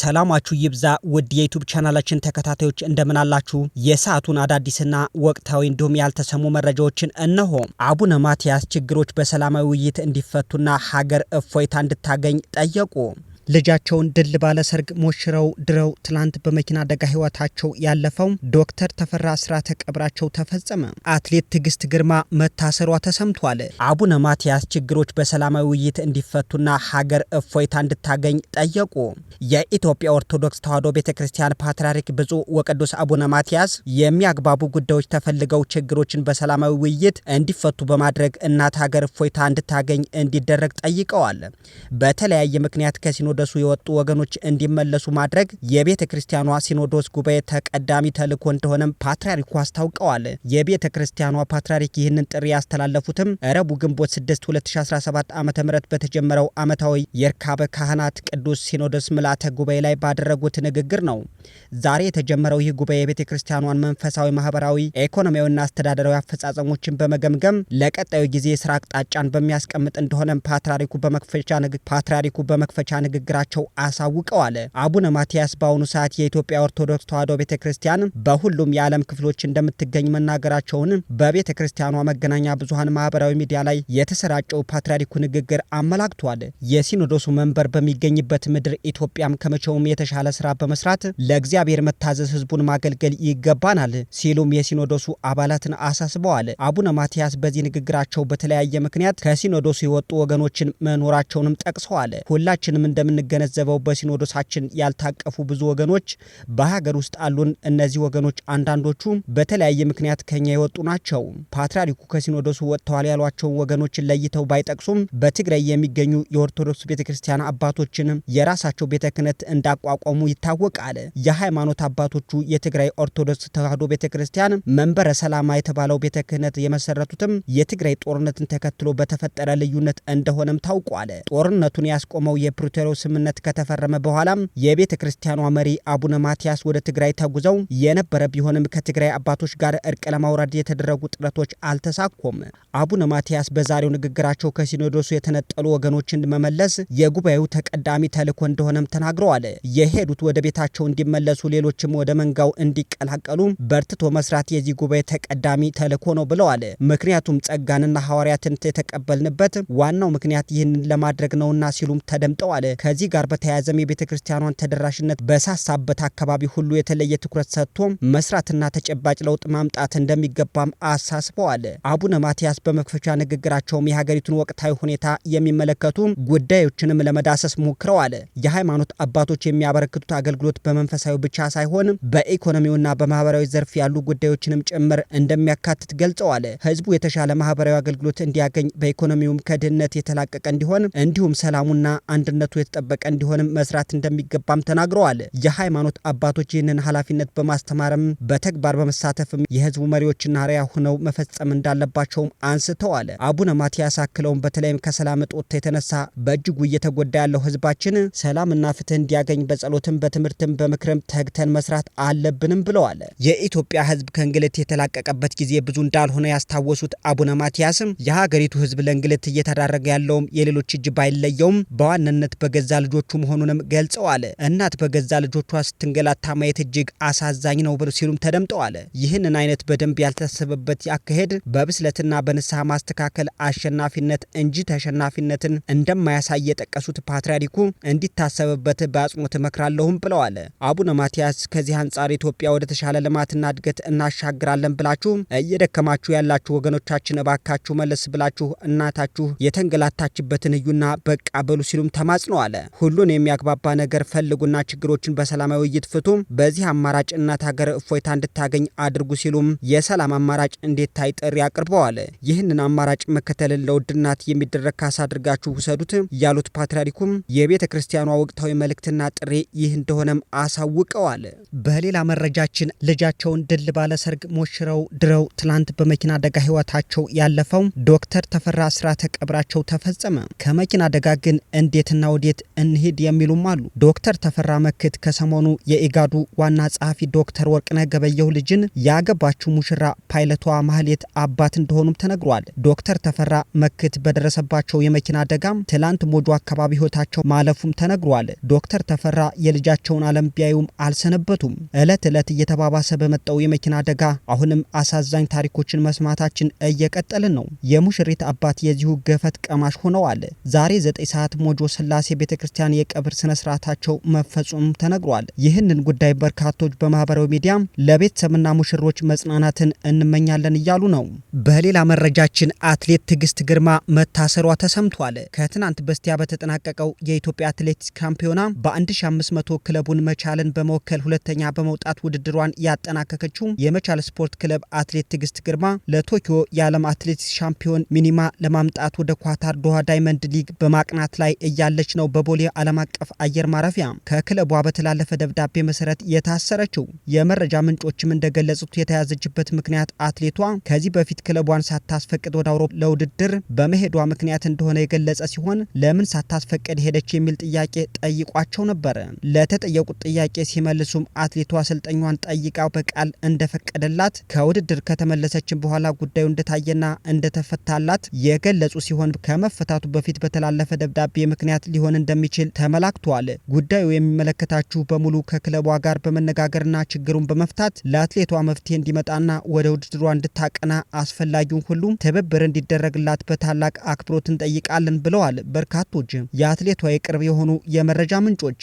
ሰላማችሁ ይብዛ ውድ የዩቱብ ቻናላችን ተከታታዮች እንደምን አላችሁ? የሰዓቱን አዳዲስና ወቅታዊ እንዲሁም ያልተሰሙ መረጃዎችን እነሆ። አቡነ ማትያስ ችግሮች በሰላማዊ ውይይት እንዲፈቱና ሀገር እፎይታ እንድታገኝ ጠየቁ። ልጃቸውን ድል ባለ ሰርግ ሞሽረው ድረው ትላንት በመኪና አደጋ ህይወታቸው ያለፈው ዶክተር ተፈራ ስርዓተ ቀብራቸው ተፈጸመ። አትሌት ትዕግስት ግርማ መታሰሯ ተሰምቷል። አቡነ ማትያስ ችግሮች በሰላማዊ ውይይት እንዲፈቱና ሀገር እፎይታ እንድታገኝ ጠየቁ። የኢትዮጵያ ኦርቶዶክስ ተዋሕዶ ቤተ ክርስቲያን ፓትርያርክ ብፁዕ ወቅዱስ አቡነ ማትያስ የሚያግባቡ ጉዳዮች ተፈልገው ችግሮችን በሰላማዊ ውይይት እንዲፈቱ በማድረግ እናት ሀገር እፎይታ እንድታገኝ እንዲደረግ ጠይቀዋል። በተለያየ ምክንያት ከሲኖ ከሲኖዶሱ የወጡ ወገኖች እንዲመለሱ ማድረግ የቤተ ክርስቲያኗ ሲኖዶስ ጉባኤ ተቀዳሚ ተልዕኮ እንደሆነም ፓትርያርኩ አስታውቀዋል። የቤተ ክርስቲያኗ ፓትርያርክ ይህንን ጥሪ ያስተላለፉትም ረቡዕ ግንቦት 6 2017 ዓ ም በተጀመረው ዓመታዊ የርካበ ካህናት ቅዱስ ሲኖዶስ ምላተ ጉባኤ ላይ ባደረጉት ንግግር ነው። ዛሬ የተጀመረው ይህ ጉባኤ የቤተ ክርስቲያኗን መንፈሳዊ፣ ማህበራዊ፣ ኢኮኖሚያዊና አስተዳደራዊ አፈጻጸሞችን በመገምገም ለቀጣዩ ጊዜ የስራ አቅጣጫን በሚያስቀምጥ እንደሆነም ፓትርያርኩ በመክፈቻ ንግግር ንግግራቸው አሳውቀዋል። አቡነ ማትያስ በአሁኑ ሰዓት የኢትዮጵያ ኦርቶዶክስ ተዋሕዶ ቤተ ክርስቲያን በሁሉም የዓለም ክፍሎች እንደምትገኝ መናገራቸውን በቤተ ክርስቲያኗ መገናኛ ብዙሀን ማህበራዊ ሚዲያ ላይ የተሰራጨው ፓትርያርኩ ንግግር አመላክቷል። የሲኖዶሱ መንበር በሚገኝበት ምድር ኢትዮጵያም ከመቼውም የተሻለ ስራ በመስራት ለእግዚአብሔር መታዘዝ ህዝቡን ማገልገል ይገባናል ሲሉም የሲኖዶሱ አባላትን አሳስበዋል። አቡነ ማትያስ በዚህ ንግግራቸው በተለያየ ምክንያት ከሲኖዶሱ የወጡ ወገኖችን መኖራቸውንም ጠቅሰዋል። ሁላችንም እንደምን የምንገነዘበው በሲኖዶሳችን ያልታቀፉ ብዙ ወገኖች በሀገር ውስጥ አሉን። እነዚህ ወገኖች አንዳንዶቹ በተለያየ ምክንያት ከኛ የወጡ ናቸው። ፓትርያርኩ ከሲኖዶሱ ወጥተዋል ያሏቸውን ወገኖችን ለይተው ባይጠቅሱም በትግራይ የሚገኙ የኦርቶዶክስ ቤተ ክርስቲያን አባቶችን የራሳቸው ቤተ ክህነት እንዳቋቋሙ ይታወቃል። የሃይማኖት አባቶቹ የትግራይ ኦርቶዶክስ ተዋህዶ ቤተ ክርስቲያን መንበረ ሰላማ የተባለው ቤተ ክህነት የመሰረቱትም የትግራይ ጦርነትን ተከትሎ በተፈጠረ ልዩነት እንደሆነም ታውቋል። ጦርነቱን ያስቆመው የፕሪቶሪያው ስምምነት ከተፈረመ በኋላም የቤተ ክርስቲያኗ መሪ አቡነ ማትያስ ወደ ትግራይ ተጉዘው የነበረ ቢሆንም ከትግራይ አባቶች ጋር እርቅ ለማውረድ የተደረጉ ጥረቶች አልተሳኩም። አቡነ ማትያስ በዛሬው ንግግራቸው ከሲኖዶሱ የተነጠሉ ወገኖችን መመለስ የጉባኤው ተቀዳሚ ተልኮ እንደሆነም ተናግረዋል። የሄዱት ወደ ቤታቸው እንዲመለሱ፣ ሌሎችም ወደ መንጋው እንዲቀላቀሉ በርትቶ መስራት የዚህ ጉባኤ ተቀዳሚ ተልኮ ነው ብለዋል። ምክንያቱም ጸጋንና ሐዋርያትን የተቀበልንበት ዋናው ምክንያት ይህንን ለማድረግ ነውና ሲሉም ተደምጠዋል። ከዚህ ጋር በተያያዘም የቤተ ክርስቲያኗን ተደራሽነት በሳሳበት አካባቢ ሁሉ የተለየ ትኩረት ሰጥቶ መስራትና ተጨባጭ ለውጥ ማምጣት እንደሚገባም አሳስበዋል። አቡነ ማትያስ በመክፈቻ ንግግራቸውም የሀገሪቱን ወቅታዊ ሁኔታ የሚመለከቱ ጉዳዮችንም ለመዳሰስ ሞክረዋል። የሃይማኖት አባቶች የሚያበረክቱት አገልግሎት በመንፈሳዊ ብቻ ሳይሆን በኢኮኖሚውና በማህበራዊ ዘርፍ ያሉ ጉዳዮችንም ጭምር እንደሚያካትት ገልጸዋል። ህዝቡ የተሻለ ማህበራዊ አገልግሎት እንዲያገኝ፣ በኢኮኖሚውም ከድህነት የተላቀቀ እንዲሆን እንዲሁም ሰላሙና አንድነቱ የተጠ የተጠበቀ እንዲሆንም መስራት እንደሚገባም ተናግረዋል። የሃይማኖት አባቶች ይህንን ኃላፊነት በማስተማርም በተግባር በመሳተፍም የህዝቡ መሪዎችና አርአያ ሆነው መፈጸም እንዳለባቸውም አንስተዋል። አቡነ ማቲያስ አክለውም በተለይም ከሰላም እጦት የተነሳ በእጅጉ እየተጎዳ ያለው ህዝባችን ሰላምና ፍትህ እንዲያገኝ በጸሎትም በትምህርትም በምክርም ተግተን መስራት አለብንም ብለዋል። የኢትዮጵያ ህዝብ ከእንግልት የተላቀቀበት ጊዜ ብዙ እንዳልሆነ ያስታወሱት አቡነ ማትያስም የሀገሪቱ ህዝብ ለእንግልት እየተዳረገ ያለውም የሌሎች እጅ ባይለየውም በዋናነት በገዛ ልጆቹ መሆኑንም ገልጸዋል። እናት በገዛ ልጆቿ ስትንገላታ ማየት እጅግ አሳዛኝ ነው ሲሉም ተደምጠዋል። ይህንን አይነት በደንብ ያልታሰበበት አካሄድ በብስለትና በንስሐ ማስተካከል አሸናፊነት እንጂ ተሸናፊነትን እንደማያሳይ የጠቀሱት ፓትርያርኩ እንዲታሰብበት በአጽንኦት እመክራለሁም ብለዋል። አቡነ ማትያስ ከዚህ አንጻር ኢትዮጵያ ወደ ተሻለ ልማትና እድገት እናሻግራለን ብላችሁ እየደከማችሁ ያላችሁ ወገኖቻችን እባካችሁ መለስ ብላችሁ እናታችሁ የተንገላታችበትን እዩና በቃ በሉ ሲሉም ተማጽነዋል። ሁሉን የሚያግባባ ነገር ፈልጉና ችግሮችን በሰላማዊ ውይይት ፍቱ። በዚህ አማራጭ እናት ሀገር እፎይታ እንድታገኝ አድርጉ ሲሉም የሰላም አማራጭ እንዲታይ ጥሪ አቅርበዋል። ይህንን አማራጭ መከተልን ለውድ እናት የሚደረግ ካሳ አድርጋችሁ ውሰዱት ያሉት ፓትርያርኩም የቤተ ክርስቲያኗ ወቅታዊ መልእክትና ጥሪ ይህ እንደሆነም አሳውቀዋል። በሌላ መረጃችን ልጃቸውን ድል ባለ ሰርግ ሞሽረው ድረው ትላንት በመኪና አደጋ ህይወታቸው ያለፈው ዶክተር ተፈራ ስርዓተ ቀብራቸው ተፈጸመ። ከመኪና አደጋ ግን እንዴትና ወዴት እንሂድ የሚሉም አሉ። ዶክተር ተፈራ መክት ከሰሞኑ የኢጋዱ ዋና ጸሐፊ ዶክተር ወርቅነህ ገበየሁ ልጅን ያገባችው ሙሽራ ፓይለቷ ማህሌት አባት እንደሆኑም ተነግሯል። ዶክተር ተፈራ መክት በደረሰባቸው የመኪና አደጋም ትላንት ሞጆ አካባቢ ህይወታቸው ማለፉም ተነግሯል። ዶክተር ተፈራ የልጃቸውን አለም ቢያዩም አልሰነበቱም። እለት ዕለት እየተባባሰ በመጣው የመኪና አደጋ አሁንም አሳዛኝ ታሪኮችን መስማታችን እየቀጠልን ነው። የሙሽሪት አባት የዚሁ ገፈት ቀማሽ ሆነዋል። ዛሬ ዘጠኝ ሰዓት ሞጆ ስላሴ ቤተ ክርስቲያን የቀብር ስነ ስርዓታቸው መፈጹም ተነግሯል። ይህንን ጉዳይ በርካቶች በማህበራዊ ሚዲያ ለቤተሰብና ሙሽሮች መጽናናትን እንመኛለን እያሉ ነው። በሌላ መረጃችን አትሌት ትዕግስት ግርማ መታሰሯ ተሰምቷል። ከትናንት በስቲያ በተጠናቀቀው የኢትዮጵያ አትሌቲክስ ሻምፒዮና በ1500 ክለቡን መቻልን በመወከል ሁለተኛ በመውጣት ውድድሯን ያጠናቀቀችው የመቻል ስፖርት ክለብ አትሌት ትዕግስት ግርማ ለቶኪዮ የዓለም አትሌቲክስ ሻምፒዮን ሚኒማ ለማምጣት ወደ ኳታር ዶሃ ዳይመንድ ሊግ በማቅናት ላይ እያለች ነው በቦ በቦሌ ዓለም አቀፍ አየር ማረፊያ ከክለቧ በተላለፈ ደብዳቤ መሰረት የታሰረችው። የመረጃ ምንጮችም እንደገለጹት የተያዘችበት ምክንያት አትሌቷ ከዚህ በፊት ክለቧን ሳታስፈቅድ ወደ አውሮፓ ለውድድር በመሄዷ ምክንያት እንደሆነ የገለጸ ሲሆን ለምን ሳታስፈቅድ ሄደች የሚል ጥያቄ ጠይቋቸው ነበር። ለተጠየቁት ጥያቄ ሲመልሱም አትሌቷ አሰልጣኟን ጠይቃ በቃል እንደፈቀደላት ከውድድር ከተመለሰችን በኋላ ጉዳዩ እንደታየና እንደተፈታላት የገለጹ ሲሆን ከመፈታቱ በፊት በተላለፈ ደብዳቤ ምክንያት ሊሆን እንደሚ እንደሚችል ተመላክቷል። ጉዳዩ የሚመለከታችሁ በሙሉ ከክለቧ ጋር በመነጋገርና ችግሩን በመፍታት ለአትሌቷ መፍትሄ እንዲመጣና ወደ ውድድሯ እንድታቀና አስፈላጊውን ሁሉም ትብብር እንዲደረግላት በታላቅ አክብሮት እንጠይቃለን ብለዋል በርካቶች የአትሌቷ የቅርብ የሆኑ የመረጃ ምንጮች።